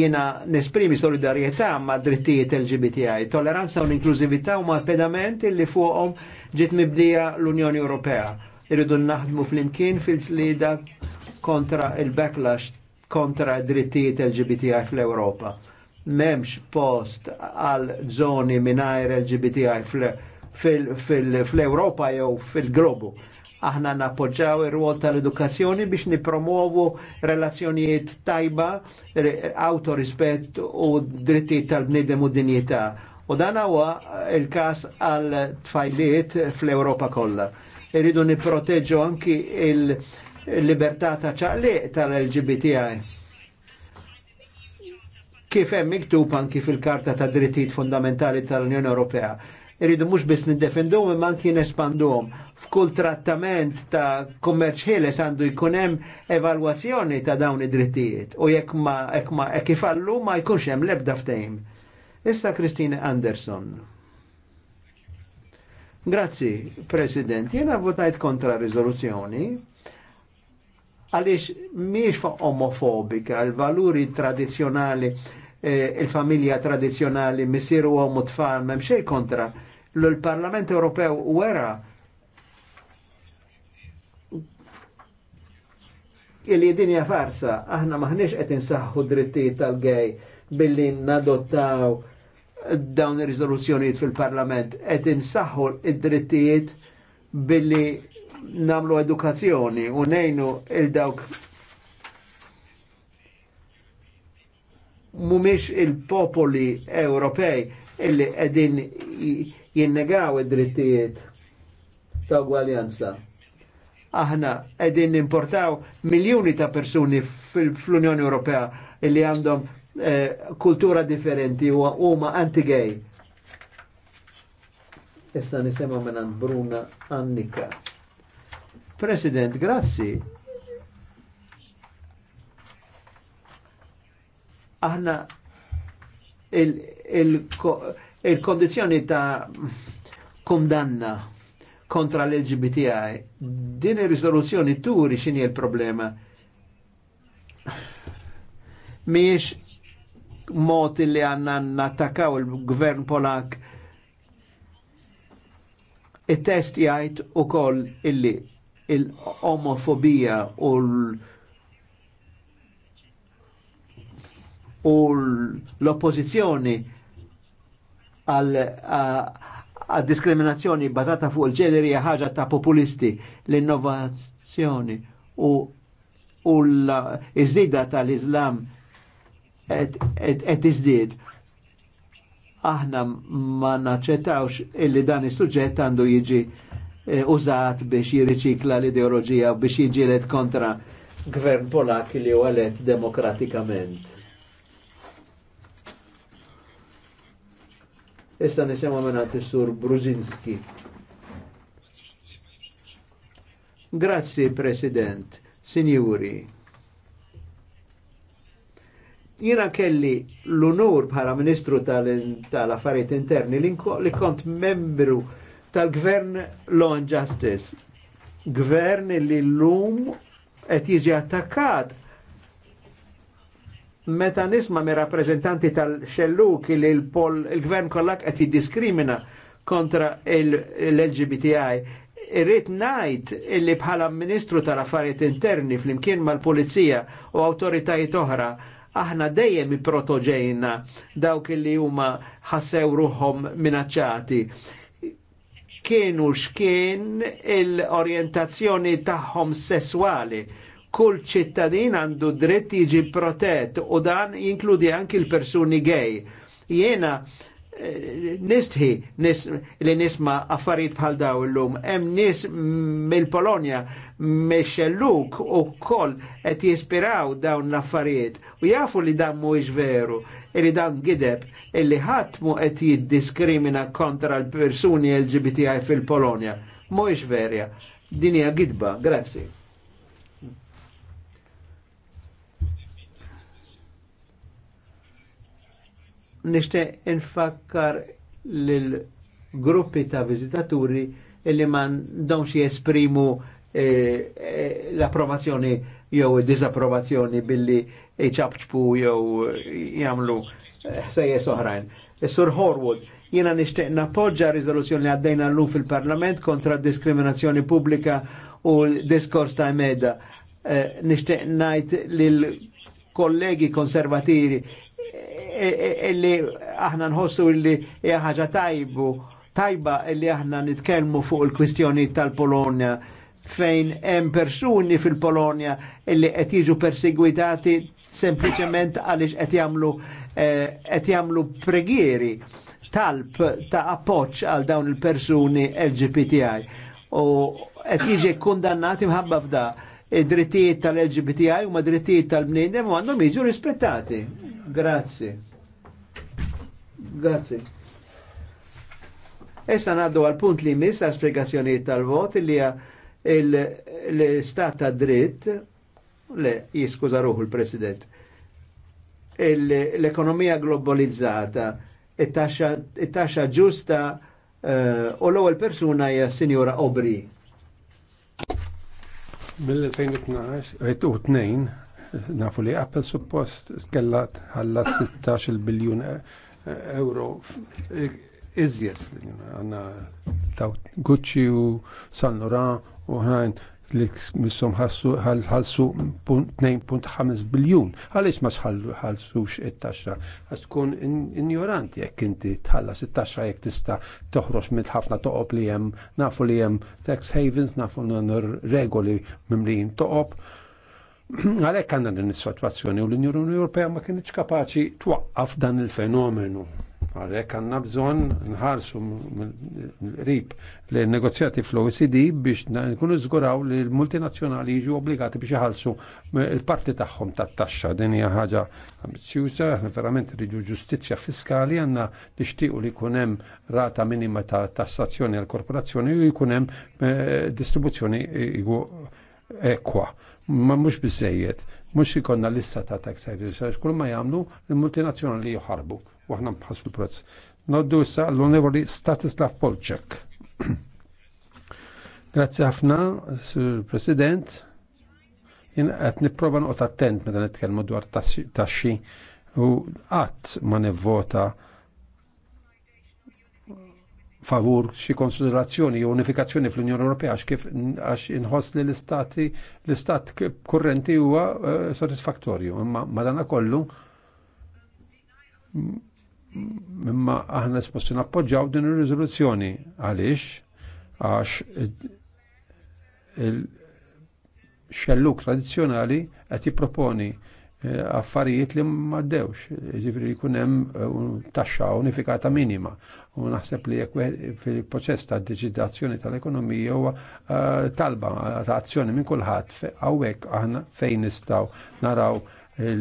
jiena nesprimi solidarietà ma' drittijiet LGBTI. Tolleranza u l u huma pedamenti li fuqhom ġiet mibdija l-Unjoni Ewropea. Irridu naħdmu fl-imkien fil-tlida kontra il-backlash kontra drittijiet LGBTI fl-Europa memx post għal zoni minajr LGBTI fil-Europa jew fil-globu. Aħna nappoġġaw ir ruol tal-edukazzjoni biex nipromuovu relazzjonijiet tajba, autorispett u dritti tal bnidem u dinjità. U dan huwa il-każ għal tfajliet fl-Ewropa kollha. Irridu nipproteġġu anki il-libertà ta' ċaqliq tal-LGBTI kif hemm miktub anki fil-Karta ta' Drittijiet Fundamentali tal-Unjoni Ewropea. Irridu mhux biss niddefenduhom imma anki nespanduhom. F'kull trattament ta' kummerċ ħieles għandu jkun hemm evalwazzjoni ta' dawn id-drittijiet u jekk ma jekk ma jekk ifallu ma jkunx hemm l-ebda ftehim. Issa Christine Anderson. Grazzi, President. Jena votajt kontra rizoluzzjoni għaliex miex omofobika, l-valuri tradizjonali Eh, il-familja tradizjonali, misiru u mutfan, mem xej kontra. L-Parlament Ewropew wera illi dinja farsa, aħna maħniex qed insaħħu drittijiet tal-gej billi nadottaw dawn ir-riżoluzzjonijiet fil-Parlament, qed insaħħu id-drittijiet billi namlu edukazzjoni u nejnu il-dawk mumiex il-popoli Ewropej illi qegħdin jinnegaw id-drittijiet ta' gwaljanza. Aħna qegħdin importaw miljuni ta' persuni fl-Unjoni Ewropea illi għandhom eh, kultura differenti u huma anti-gay. Issa nisema minn Bruna Annika. President, grazzi aħna il-kondizjoni il, il ta' kundanna kontra l-LGBTI, din il-rizoluzjoni turi xini l-problema. Miex mot li għanna n-attakaw il-gvern Polak il test jgħid ukoll illi il-omofobija u l- u l-oppozizjoni għal diskriminazzjoni bazata fuq il-ġeneri ħaġa ta' populisti l-innovazzjoni u, u l-iżdida tal-Islam qed izdid Aħna ma naċċettawx illi dan is-suġġett għandu jiġi eh, użat biex jirriċikla l-ideoloġija biex jiġilet kontra gvern Polak li għalet demokratikament. Issa nisema minna t sur Bruzinski. Grazzi, President, Signori. Jina kelli l-unur bħala Ministru tal-Affarijiet tal Interni li kont membru tal-Gvern Law and Justice. Gvern li l-lum qed jiġi attakkat Meta nisma me rappresentanti tal-xelluk li il-gvern kollak qed jiddiskrimina kontra l-LGBTI, irrit najt illi bħala ministru tal-affarijiet interni fl-imkien mal-pulizija u autoritajiet oħra, aħna dejjem protoġejna dawk li huma ħassew ruħom minaċċati. Kienu xkien il orientazzjoni tagħhom sesswali kull ċittadin għandu dritt jiġi protett u dan jinkludi anki l-persuni gay. Jena eh, nistħi nis, li nisma affarijiet bħal daw illum. Hemm nis mill-Polonja mexxelluk u koll qed jispiraw dawn l-affarijiet u jafu li dan mhuwiex veru li dan gideb illi ħadd mu qed jiddiskrimina kontra l-persuni LGBTI fil-Polonja. Mhuwiex verja. Dinja gidba, grazzi. nishtiq nfakkar lil gruppi ta' vizitaturi illi m'għandhomx jesprimu eh, l-approvazzjoni jew disapprovazzjoni billi iċabċbu jew jamlu ħsejje soħrajn. Sur Horwood, jiena nixtieq nappoġġa riżoluzzjoni għaddejna l fil-Parlament kontra diskriminazzjoni pubblika u diskors ta' meda. Eh, nixtieq ngħid lil kollegi konservativi E, e, illi aħna nħossu illi ħaġa tajbu tajba illi aħna nitkellmu fuq il-kwistjoni tal-Polonja fejn hemm persuni fil-Polonja illi qed jiġu persegwitati sempliċement għaliex qed jagħmlu e, qed jagħmlu pregieri talb ta' appoġġ għal dawn il-persuni LGBTI u qed jiġi kundannati mħabba f'da id-drittijiet tal-LGBTI u ma drittijiet tal-bnidem u għandhom jiġu rispettati. Grazzi. Grazzi. Issa għaddu għal punt li mis ta' spiegazzjoni tal-vot li l-istat ta' dritt, le, jiskuza ruħu l-president, l-ekonomija globalizzata, it-taxxa ġusta eh, u l-ewwel persuna hija Sinjora Obri.
Mill-2012 u tnejn nafu li Apple suppost kella għalla 16 biljun e- euro iżjed fl-Unjoni għandna Gucci u San Laurent u ħajn li missom ħalsu 2.5 biljun. Għaliex ma ħalsux it-taxxa? Għax tkun ignoranti jekk inti tħallas it-taxxa jekk tista' toħroġ minn ħafna toqob li hemm, nafu li hemm tax havens, nafu regoli mimlijin toqob. [clears throat] Għalhekk għandna din is-sitwazzjoni u l-Unjoni Ewropea ma kienx kapaċi twaqqaf dan il-fenomenu. Għalhekk għandna bżonn nħarsu rib li negozjati fl-OECD biex nkunu żguraw li l-multinazzjonali jiġu obbligati biex iħallsu il-parti tagħhom tat-taxxa. Din hija ħaġa ambizzjuża, verament rridu ġustizzja fiskali għandna nixtiequ li jkun hemm rata minima ta' tassazzjoni għall korporazzjoni u jkun hemm eh, distribuzzjoni ekwa. Ma mhux biżejjed, mhux ikonna lista ta' tax havens, kull ma jagħmlu l multinazzjonali joħarbu waħna bħassu l-prezz. Noddu issa l onevoli Statislav Polczek. [clears throat] Grazzi ħafna, Sir President. Jien qed nipprova noqgħod attent meta nitkellmu dwar taxxi u qatt ma nivvota favur xi konsiderazzjoni jew unifikazzjoni fl-Unjoni Ewropea għax kif għax inħoss li l-istati l-istat kurrenti huwa uh, satisfaktorju. Imma madanakollu imma aħna sposti nappoġġaw din ir-riżoluzzjoni għaliex għax il-xelluk tradizzjonali qed jipproponi eh, affarijiet li m'għaddewx, jiġifieri jkun hemm eh, taxxa unifikata minima. U naħseb li jekk fil-proċess ta' digitazzjoni tal-ekonomija huwa eh, talba ta' azzjoni minn kulħadd hawnhekk aħna fejn nistgħu naraw Eh,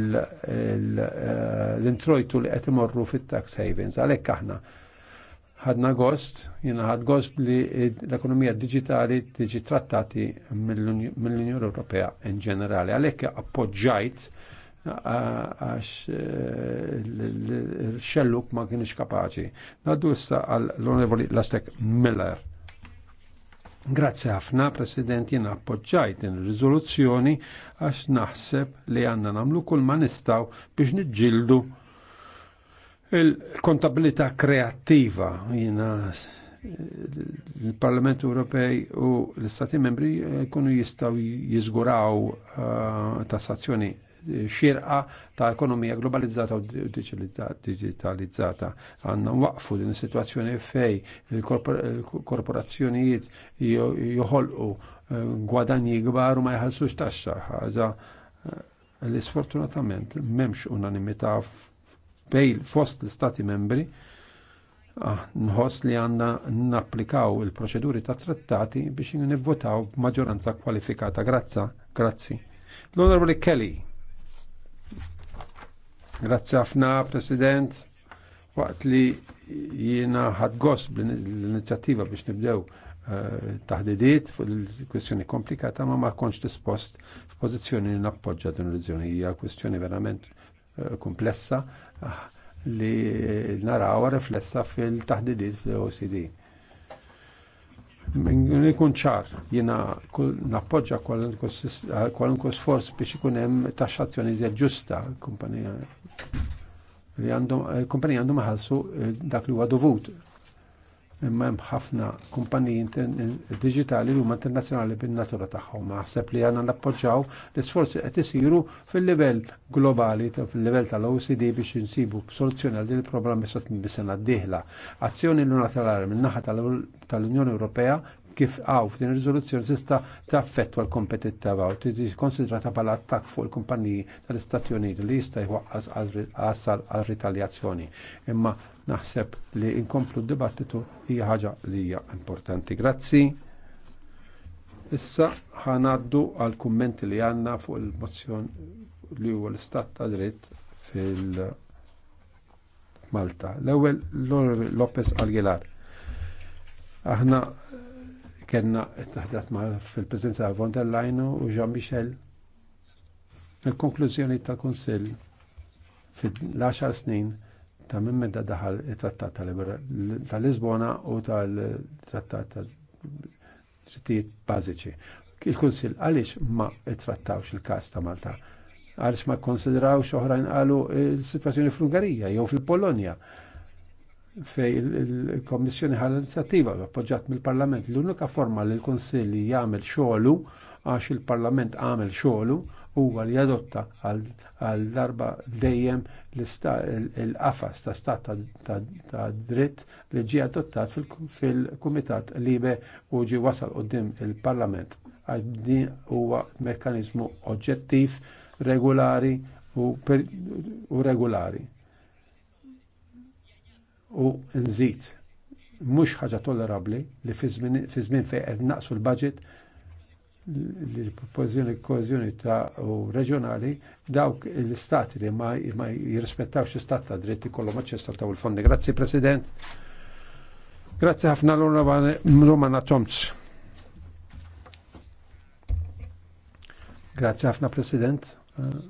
l-introjtu li qed imorru fit-tax havens. Għalhekk aħna ħadna gost, jina ħad gost li l-ekonomija digitali tiġi trattati mill-Unjoni Ewropea in ġenerali. Għalhekk appoġġajt eh, għax eh, l-xelluk ma kienx kapaċi. Naddu issa għall onorevoli Lastek Miller. Grazzi ħafna, President, jien appoġġajt din riżoluzzjoni għax naħseb li għanna namlu kull ma nistaw biex nġildu il-kontabilità kreattiva jina il-Parlament Ewropej u l istati membri jkunu eh, jistaw jizguraw eh, tassazzjoni xirqa ta' ekonomija globalizzata u digitalizzata. Għanna waqfu din situazzjoni fej il-korporazzjonijiet joħolqu eh, gwadanji gbar u ma jħalsux taxxa. Ħaġa eh, li sfortunatament memx unanimità bejn fost l-stati membri ah, nħoss li għanna napplikaw il-proċeduri ta' trattati biex nivvotaw b'maġġoranza kwalifikata. Grazza, grazzi. L-Onorevoli Kelly. Grazzi ħafna, President. Waqt li jiena ħad l-inizjattiva biex nibdew eh, taħdidiet fuq il-kwestjoni komplikata ma ma konċ dispost f'pożizzjoni li nappoġġa din il-riżjoni. Hija kwestjoni verament eh, komplessa ah, li naraw riflessa fil-taħdidiet fil-OCD. E ikun ċar, jina nappoġġa kwalunkwe sforz biex ikun hemm taxxazzjoni ġusta kumpanija li għandhom eh, kumpaniji għandhom ħassu eh, dak li huwa dovut. Imma hemm ħafna kumpaniji eh, digitali li huma internazzjonali bin-natura tagħhom. Naħseb li għandna nappoġġaw l-isforzi qed isiru fil-livell globali, fil-livell tal ocd e biex insibu soluzzjoni għal din il-problema sa' bis-sena d-dieħla. Azzjoni unilaterali min-naħa tal-Unjoni Ewropea kif għaw f'din ir-riżoluzzjoni tista' taffettwa l kompetitta għaw, tiġi konsidrata bħala attak fuq il-kumpaniji tal-Istati Uniti li jista' jwaqqas għasal għal ritaljazzjoni. Imma naħseb li inkomplu d-dibattitu hija ħaġa li hija importanti. Grazzi. Issa ħanaddu għal kummenti li għanna fuq il-mozzjon li huwa l-istat ta' dritt fil- Malta. L-ewwel Lopez Algilar. Aħna kena taħdat ma' fil-prezenza von der Leyen u Jean-Michel. Il-konklużjoni tal Kunsill fil-10 snin ta' minn meta daħal it-trattat tal-Lisbona u tal-trattat tal-ġittijiet bażiċi. il kunsill għaliex ma trattawx il-kas ta' Malta? Għaliex ma konsidrawx oħrajn qalu il-situazzjoni fl-Ungarija jew fil-Polonja fej il komissjoni ħal inizjattiva appoġġat mill-Parlament. L-unika forma li l-Konsilli jagħmel xogħlu għax il-Parlament għamel xogħlu huwa li jadotta għal darba dejjem l-qafas ta' stat ta' dritt li ġie adottat fil-Kumitat Libe u ġie wasal qudiem il-Parlament. Din huwa mekkaniżmu oġġettiv, regolari u regolari u nżid mhux ħaġa tollerabbli li fi żmien fejn qed naqsu l-budget li l kohezjoni ta' u reġjonali dawk l-istati li ma, ma jirrispettawx l-istat ta' dritti kollhom aċċess taw il-fondi. Grazzi President. Grazzi ħafna l-Romana Tomts. Grazzi ħafna President. Eh,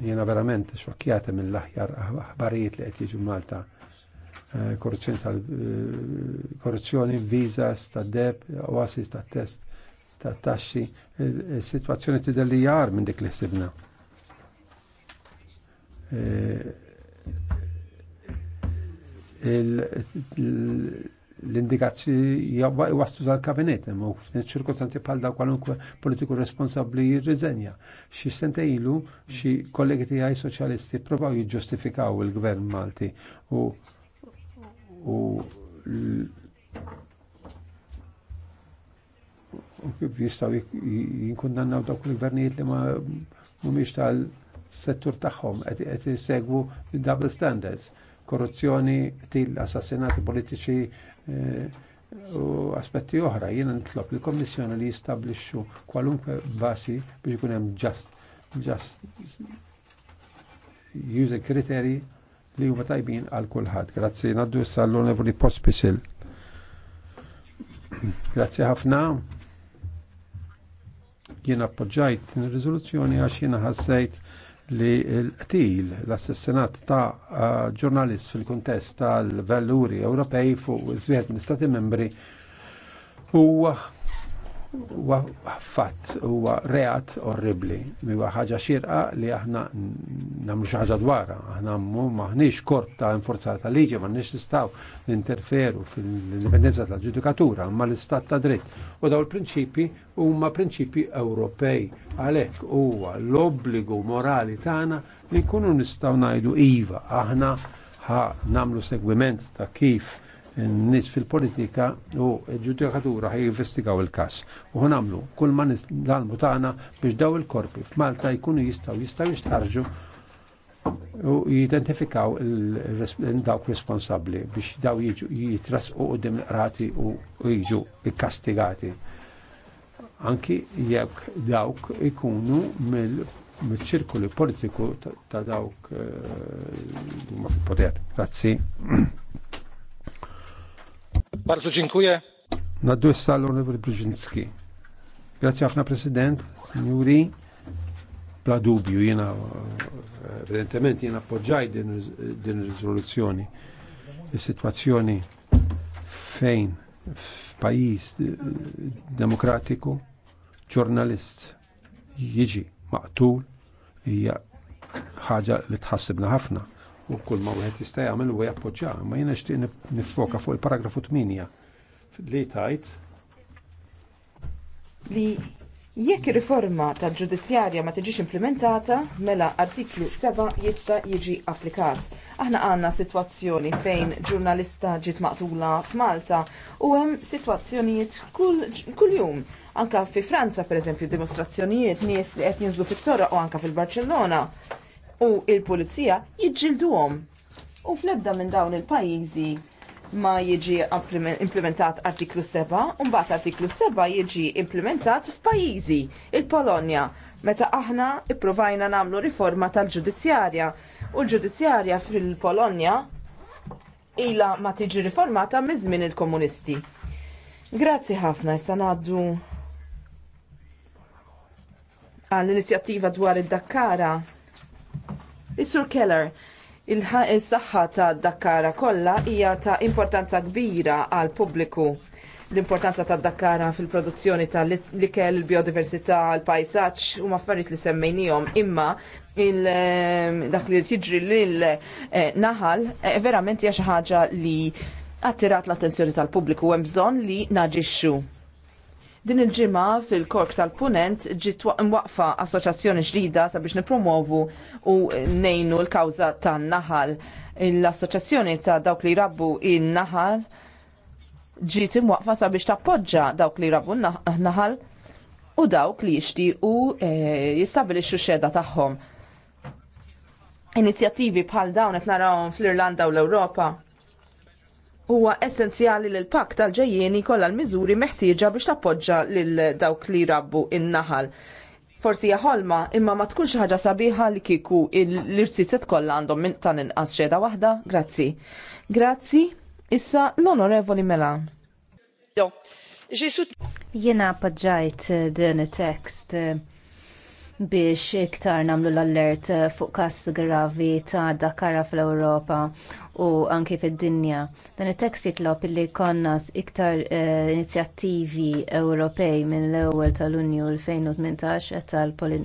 Jena verament xokkjata mill-aħjar aħbarijiet li qed jiġu Malta Eh, korruzzjoni tal-korruzzjoni, eh, visas, tad-deb, u oasis ta' test ta' taxxi is-sitwazzjoni eh, tidher li jar minn dik li ħsibna l-indikazzjoni waslu tal-kabinet, u f'net ċirkostanzi bħal daw kwalunkwe politiku responsabli jirriżenja. Xi sente ilu xi kollegi tiegħi soċjalisti provaw jiġġustifikaw il-gvern Malti u u kif jistaw jinkundannaw dawk il-gvernijiet li ma mumiex tal-settur tagħhom qed isegwu double standards, korruzzjoni, til assassinati politiċi eh, u aspetti oħra. Jiena nitlob il kommissjoni li jistablixxu kwalunkwe basi biex ikun hemm just just user kriteri li huma tajbin għal kulħadd. Grazzi naddu issa l-Onorevoli Pospisil. Grazzi ħafna jien appoġġajt din ir-riżoluzzjoni għax jiena ħassejt li l-qtil, l-assassinat ta' ġurnalist fil-kuntest tal-valuri Ewropej fuq iż żwieħed minn Stati membri huwa huwa fatt, huwa reat orribli, huwa ħaġa xirqa li aħna nagħmlu xi ħaġa dwarha, aħna maħniex kort ta' infurzata ta' liġi, maħniex nistgħu ninterferu fil-indipendenza tal-ġudikatura, ma l-istat ta' dritt. U daw il-prinċipi huma prinċipji Ewropej, għalhekk huwa l-obbligu morali tagħna li nkunu nistgħu ngħidu iva, aħna ħa nagħmlu segwiment ta' kif nis fil-politika u ġudikatura ħaj jivestigaw il-kas. U għamlu, kull ma l-almu taħna biex daw il-korpi f'Malta jkunu jistaw, jistaw jistarġu u jidentifikaw dawk responsabli biex daw jiġu jitras u demrati u jiġu ikkastigati. Anki jekk dawk ikunu mill mill-ċirkoli politiku ta' dawk eh, huma poter Grazzi. [clears throat]
Bardzo dziękuję.
Brzezinski. Grazie afna President, signori. Bla dubju, jena evidentemente jena appoġġaj din ir-riżoluzzjoni. E is fejn f'pajjiż eh, demokratiku ġurnalist jiġi maqtul hija ħaġa li tħassibna ħafna u kull ma wieħed jista' jagħmel huwa jappoġġja, ma jiena nixtieq nifoka fuq il-paragrafu 8 li tajt
li jekk ir-riforma tal-ġudizzjarja ma tiġix implementata, mela artiklu 7 jista' jiġi applikat. Aħna għandna sitwazzjoni fejn ġurnalista ġiet maqtula f'Malta u hemm sitwazzjonijiet kull jum anka fi Franza, per eżempju, dimostrazzjonijiet nies li qed jinżlu fit-toroq u anka fil-Barċellona u il-pulizija jiġġilduhom. U fl-ebda minn dawn il-pajjiżi ma jiġi implementat artiklu 7, u mbagħad artiklu 7 jiġi implementat f'pajjiżi, il-Polonja, meta aħna ipprovajna nagħmlu riforma tal-ġudizzjarja. U l-ġudizzjarja fil-Polonja ilha ma tiġi riformata miż-żmien il-komunisti. Grazzi ħafna issa ngħaddu għall-inizjattiva dwar id-Dakkara Is-Sur Keller, il-saħħa ta' dakkara kollha hija ta' importanza kbira għal pubbliku l-importanza ta' dakkara fil-produzzjoni ta' l-ikel, il-biodiversità, l-pajsaċ, u maffariet li semmejnijom, imma eh, dak li tiġri l-naħal, eh, eh, verament hija xi ħaġa li attirat l-attenzjoni tal-pubbliku, hemm bżonn li naġixxu. Din il-ġimgħa fil-Kork tal-Punent ġiet waqfa assoċjazzjoni ġdida sabiex nipromovu u nejnu l-kawża tan-naħal. L-assoċjazzjoni ta' dawk li rabbu in-naħal ġiet imwaqfa sabiex tappoġġa dawk li rabbu naħal u dawk li jixtiequ eh, jistabilixxu xeda tagħhom. Inizjattivi bħal dawn qed narawhom fl-Irlanda u l-Ewropa huwa essenzjali li l-pak tal-ġejjieni kollha l-miżuri meħtieġa biex tappoġġa lil dawk li rabbu in-naħal. Forsi hija ħolma, imma ma tkunx ħaġa sabiħa li kieku l-irsitet kollha għandhom minn tan inqas xeda waħda. Grazzi. Grazzi. Issa l-Onorevoli Melan.
Jiena appoġġajt eh, din it text eh, biex iktar namlu l-allert eh, fuq każ gravi ta' dakara fl-Ewropa u anke fid-dinja. Dan it-tekst jitlob illi jkollna iktar eh, inizjattivi Ewropej minn l-ewwel tal-Unju 2018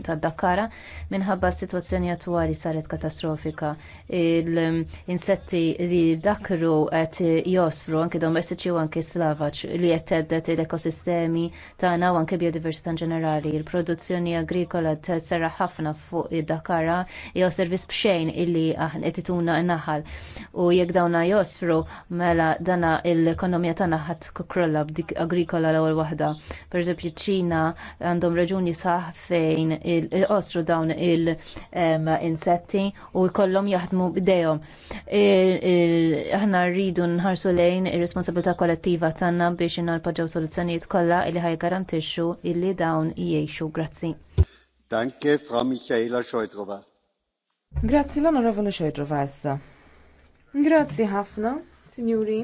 tal-Dakara polin minħabba s-sitwazzjoni attwali saret katastrofika. L-insetti li dakru qed josfru anke domestiċi u anke slavaċ li qed teddet l-ekosistemi tagħna u anke biodiversità ġenerali. Il-produzzjoni agrikola serra ħafna fuq id-Dakara jew servis b'xejn illi qed ituna n-naħal u jekk dawna josru mela dana l-ekonomija tagħna ħadd kukrolla b'dik agrikola l-ewwel waħda. Pereżempju ċina għandhom raġuni saħ fejn osru dawn il-insetti u jkollhom jaħdmu b'dejhom. Aħna rridu nħarsu lejn ir-responsabilità kollettiva tagħna biex inalpaġġaw soluzzjonijiet kollha li garantixxu illi dawn jgħixu. Grazzi.
Danke, Frau Michaela Scheutrova.
Grazzi l-Onorevole Scheudrova Grazzi ħafna, Signori.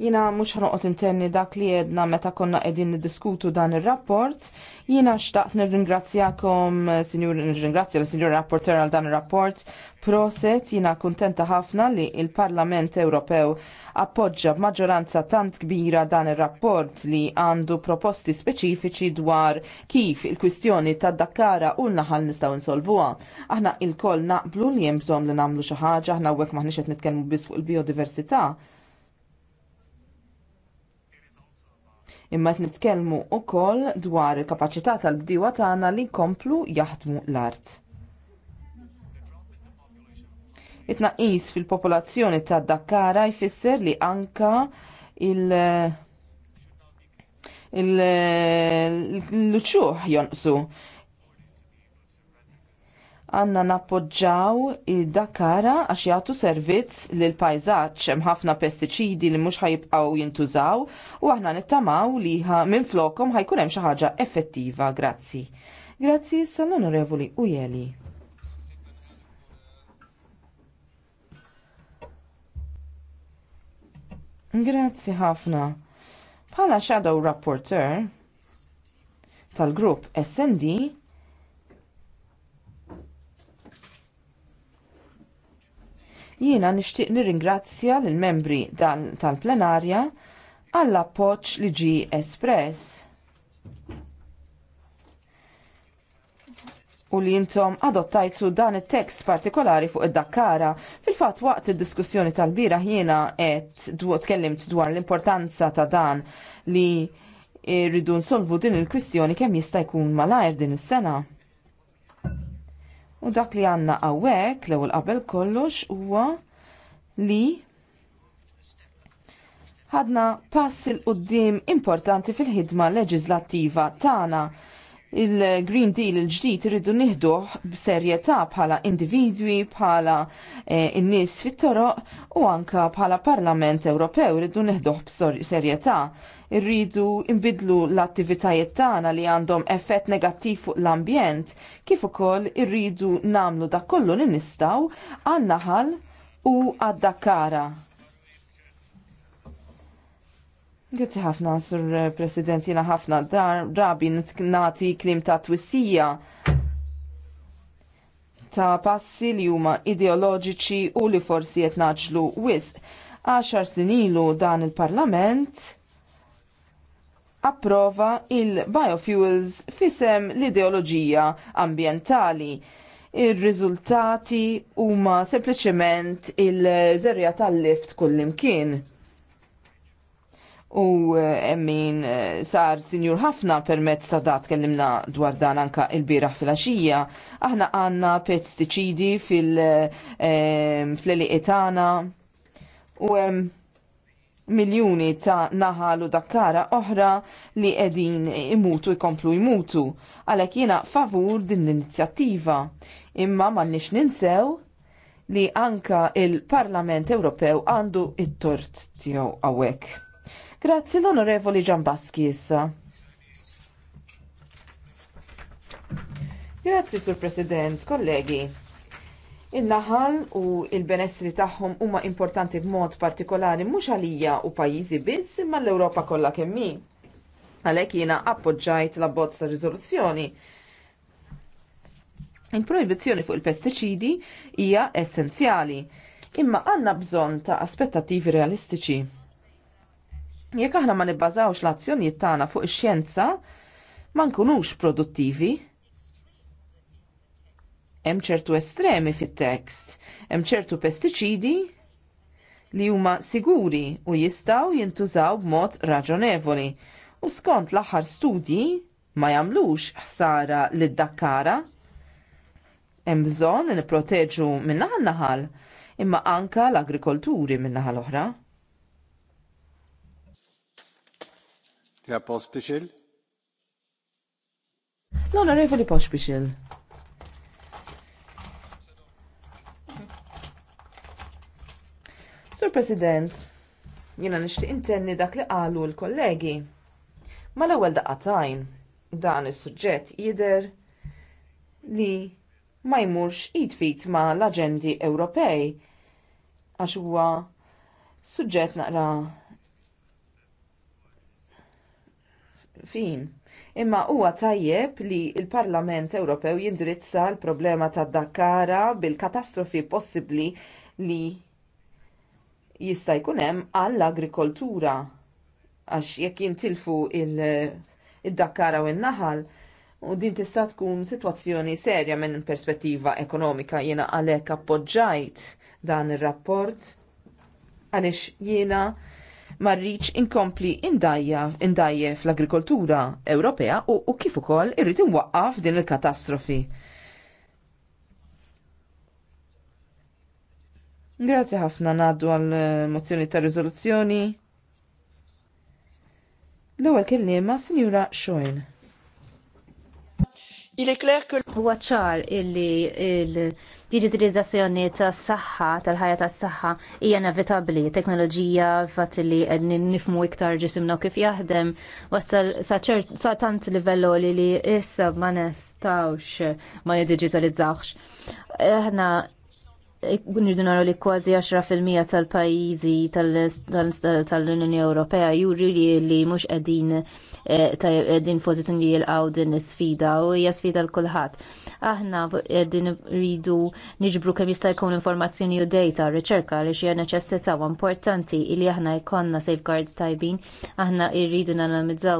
Jina mux ħanoqot intenni dak li jedna meta konna edin niddiskutu dan il-rapport. Jina xtaqt nir-ringrazzjakom, nir-ringrazzja l-Sinjur Rapporter għal dan il-rapport. Proset jina kontenta ħafna li il-Parlament Ewropew appoġġa b'maġġoranza tant kbira dan il-rapport li għandu proposti speċifiċi dwar kif il-kwistjoni ta' dakkara u l-naħal nistaw insolvuha. Aħna il-koll naqblu li jemżom li namlu xaħġa, aħna u għek maħniċet nitkellmu bis fuq il-biodiversità imma qed nitkellmu wkoll dwar il-kapaċità tal-bdiewa tagħna li jkomplu jaħdmu l-art. It-tnaqqis fil-popolazzjoni tad Dakkara jfisser li anka il- l-ċuħ jonqsu għanna nappoġġaw id-dakara għax jagħtu servizz lil pajzaġġ hemm ħafna pestiċidi li mhux ħajibqgħu jintużaw u aħna nittamaw li minn flokom ħajkun hemm xi ħaġa effettiva. Grazzi. Grazzi sal-Onorevoli Ujeli. Grazzi ħafna. Bħala Shadow Rapporteur tal-grupp SND Jiena nixtieq nirringrazzja lill membri tal-plenarja għall appoġġ li ġie espress. u li jintom adottajtu dan it-tekst partikolari fuq id-dakkara. Fil-fat waqt id-diskussjoni tal-bira jiena qed tkellimt dwar l-importanza ta' dan li rridu nsolvu din il-kwistjoni kemm jista' jkun malajr din is-sena. U dak li għanna għawek, l ewwel qabel kollox, huwa li ħadna pass il qoddim importanti fil-ħidma leġislattiva tagħna. Il-Green Deal il-ġdid irridu nieħduh b'serjetà bħala individwi, bħala eh, in-nies fit-toroq u anka bħala Parlament Ewropew irridu nieħduh b'serjetà irridu nbidlu l-attivitajiet tagħna li għandhom effett negattiv fuq l-ambjent, kif ukoll irridu nagħmlu dak kollu li nistgħu għan-naħal u għad-dakkara. Grazie ħafna, Sur President, jena ħafna dar, rabi nati klim ta' twissija ta' passi li huma ideoloġiċi u li forsi qed wisq. Għaxar snin ilu dan il-Parlament approva il-biofuels fisem l-ideoloġija ambjentali. il riżultati huma sempliċement il-żerja tal-lift kullimkien u eh, emmin eh, sar sinjur ħafna permezz ta' dat kellimna dwar dan anka il-biraħ fil-axija. Aħna għanna pesticidi fil etana. Eh, u miljuni ta' naħal u dakkara oħra li qegħdin imutu jkomplu jmutu. Għalhekk jiena favur din l-inizjattiva. Imma nix ninsew li anka il-Parlament Ewropew għandu it-tort tiegħu hawnhekk. Grazzi l-Onorevoli Ġambaski issa. Grazzi, Sur President, kollegi. In-naħal u l benessri tagħhom huma importanti b'mod partikolari mhux għalija u pajjiżi biss imma l-Ewropa kollha kemm hi. Għalhekk jiena appoġġajt l-abbozz ta' riżoluzzjoni Il-proibizzjoni fuq il-pestiċidi hija essenzjali, imma għandna bżonn ta' aspettattivi realistiċi. Jekk aħna ma nibbażawx l-azzjonijiet tagħna fuq ix-xjenza, ma nkunux produttivi. Hemm ċertu estremi fit-tekst, hemm ċertu pestiċidi li huma siguri u jistgħu jintużaw b'mod raġonevoli u skont l-aħħar studji ma jagħmlux ħsara lid dakkara Hemm bżonn nipproteġu min-naħa naħal imma anka l-agrikolturi min-naħa l-oħra. L-onorevoli pospixil. Sur President, jiena nixtieq intenni dak li qalu l-kollegi. Mal-ewwel daqatajn dan is-suġġett jidher li ma jmurx id-fit ma l-aġendi Ewropej għax huwa suġġett naqra fin. Imma huwa tajjeb li l parlament Ewropew jindirizza l-problema tad dakara bil-katastrofi possibbli li jista' jkun hemm għall-agrikoltura għax jekk jintilfu il-dakkara u n-naħal u din tista' tkun sitwazzjoni serja minn perspettiva ekonomika jiena għalhekk appoġġajt dan ir-rapport għaliex jiena marriċ inkompli indajja indajje fl-agrikoltura Ewropea u, u kif ukoll irrid inwaqqaf din il-katastrofi. Grazzi ħafna ngħaddu għal mozzjoni ta' riżoluzzjoni. L-ewwel kelliema Sinjura Xoin. Il est
clair que huwa ċar illi il-digitalizzazzjoni tas-saħħa tal-ħajja tas-saħħa hija inevitabbli. Teknoloġija fatt li nifmu iktar ġisimna kif jaħdem wassal sa tant livello li li issa ma nestawx ma jiddigitalizzawx. Aħna nirdu naraw li kważi 10% tal-pajjiżi tal-Unjoni Ewropea juri li mhux qegħdin eh, qegħdin pozizjon li jilqgħu din sfida u hija sfida l kulħadd. Aħna għedin rridu niġbru kemm jista' jkun informazzjoni u data, riċerka li xi neċessità u importanti li aħna jkollna safeguards tajbin, aħna rridu nanalizzaw